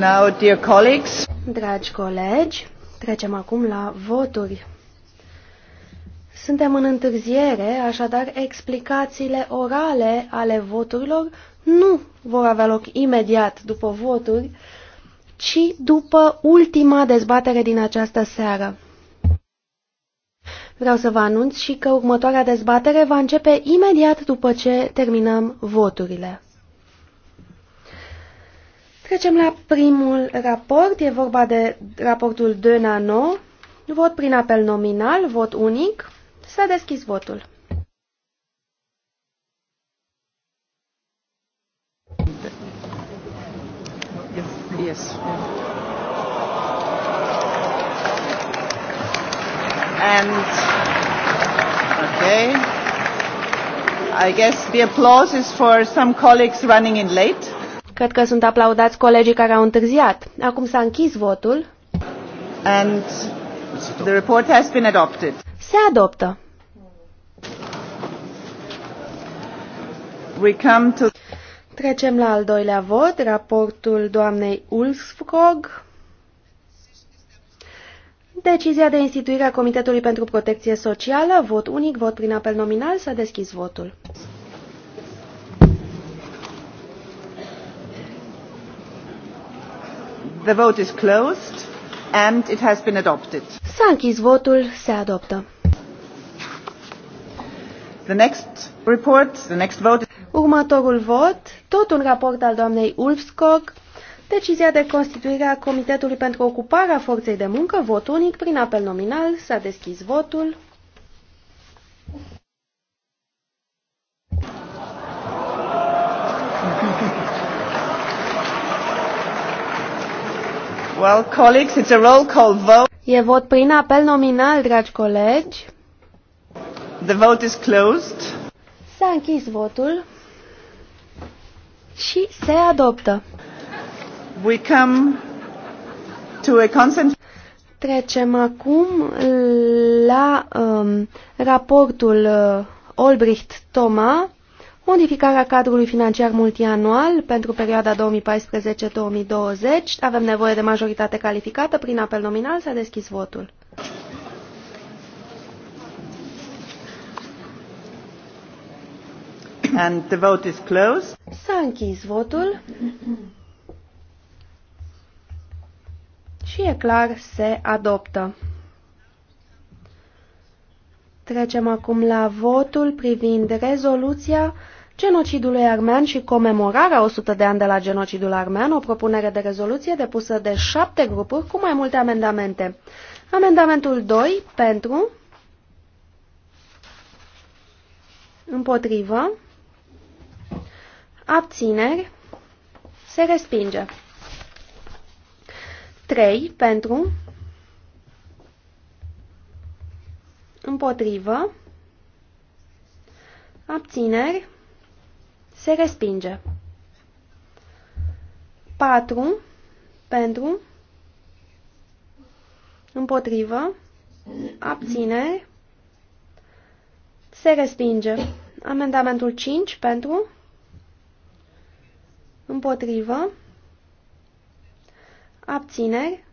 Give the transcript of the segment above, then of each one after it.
Now, dear colleagues. Dragi colegi, trecem acum la voturi. Suntem în întârziere, așadar explicațiile orale ale voturilor nu vor avea loc imediat după voturi, ci după ultima dezbatere din această seară. Vreau să vă anunț și că următoarea dezbatere va începe imediat după ce terminăm voturile. Trecem la primul raport. E vorba de raportul de Nano. Vot prin apel nominal, vot unic. S-a deschis votul. Yes. And okay. I guess the applause is for some colleagues running in late. Cred că sunt aplaudați colegii care au întârziat. Acum s-a închis votul. And the report has been adopted. Se adoptă. We come to... Trecem la al doilea vot, raportul doamnei Ulfskog. Decizia de instituire a Comitetului pentru Protecție Socială, vot unic, vot prin apel nominal, s-a deschis votul. The vote is closed and it has been adopted. S-a închis votul, se adoptă. The next report, the next vote. Următorul vot, tot un raport al doamnei Ulfskog, decizia de constituire a Comitetului pentru Ocuparea Forței de Muncă, vot unic prin apel nominal, s-a deschis votul. Well, colleagues, it's a roll call vote. E vot prin apel nominal, dragi colegi. The vote is closed. S-a închis votul și se adoptă. We come to a Trecem acum la um, raportul uh, Olbricht-Toma modificarea cadrului financiar multianual pentru perioada 2014-2020. Avem nevoie de majoritate calificată. Prin apel nominal s-a deschis votul. And the vote is closed. S-a închis votul. Și e clar, se adoptă. Trecem acum la votul privind rezoluția genocidului armean și comemorarea 100 de ani de la genocidul armean, o propunere de rezoluție depusă de șapte grupuri cu mai multe amendamente. Amendamentul 2 pentru, împotrivă, abțineri, se respinge. 3 pentru, împotrivă, abțineri, se respinge. 4 pentru împotrivă abțineri se respinge. Amendamentul 5 pentru împotrivă abțineri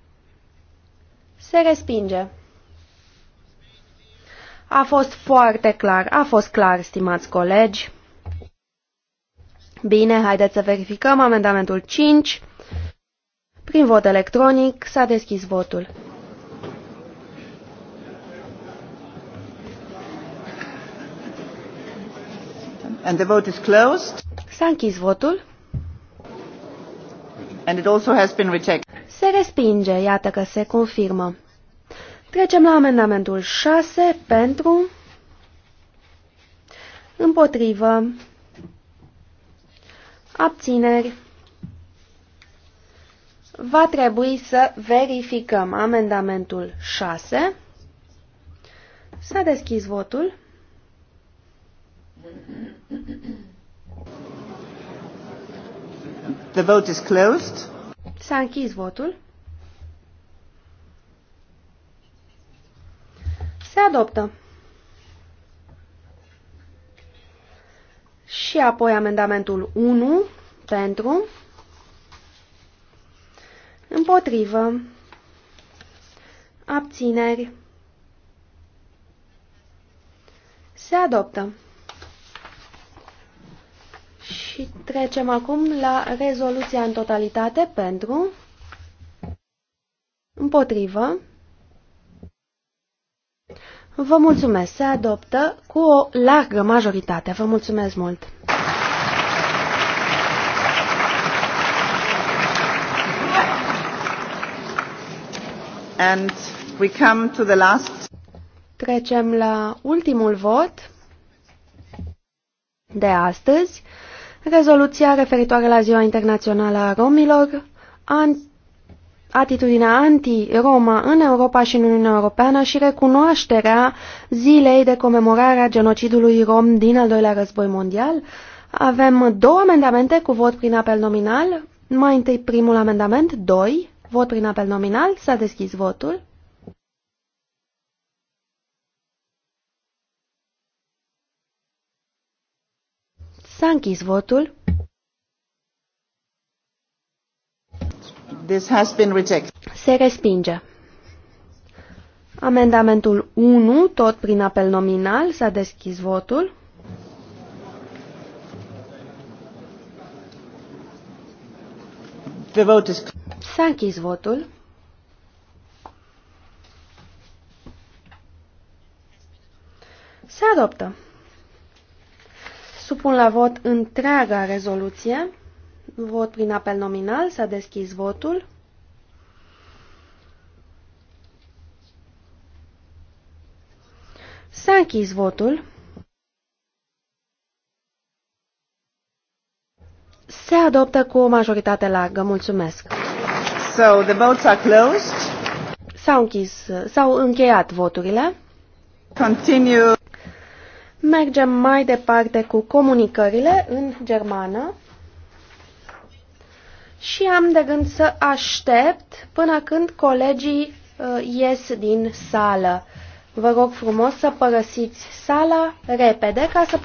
se respinge. A fost foarte clar, a fost clar, stimați colegi. Bine, haideți să verificăm amendamentul 5. Prin vot electronic s-a deschis votul. And the vote is closed. S-a închis votul. And it also has been rejected. Se respinge, iată că se confirmă. Trecem la amendamentul 6 pentru împotrivă Abțineri. Va trebui să verificăm amendamentul 6. S-a deschis votul. The vote is closed. S-a închis votul. Se adoptă. Și apoi amendamentul 1 pentru, împotrivă, abțineri, se adoptă. Și trecem acum la rezoluția în totalitate pentru, împotrivă, Vă mulțumesc, se adoptă cu o largă majoritate. Vă mulțumesc mult! And we come to the last. Trecem la ultimul vot de astăzi, rezoluția referitoare la Ziua Internațională a Romilor, an atitudinea anti-Roma în Europa și în Uniunea Europeană și recunoașterea zilei de comemorare a genocidului rom din al doilea război mondial. Avem două amendamente cu vot prin apel nominal. Mai întâi primul amendament, 2. Vot prin apel nominal. S-a deschis votul. S-a închis votul. This has been rejected. Se respinge. Amendamentul 1, tot prin apel nominal, s-a deschis votul. The vote is S-a închis votul. Se adoptă. Supun la vot întreaga rezoluție. Vot prin apel nominal. S-a deschis votul. S-a închis votul. Se adoptă cu o majoritate largă. Mulțumesc! So the votes are closed. S-au închis, s-au încheiat voturile. Continue. Mergem mai departe cu comunicările în germană și am de gând să aștept până când colegii uh, ies din sală. Vă rog frumos să părăsiți sala repede ca să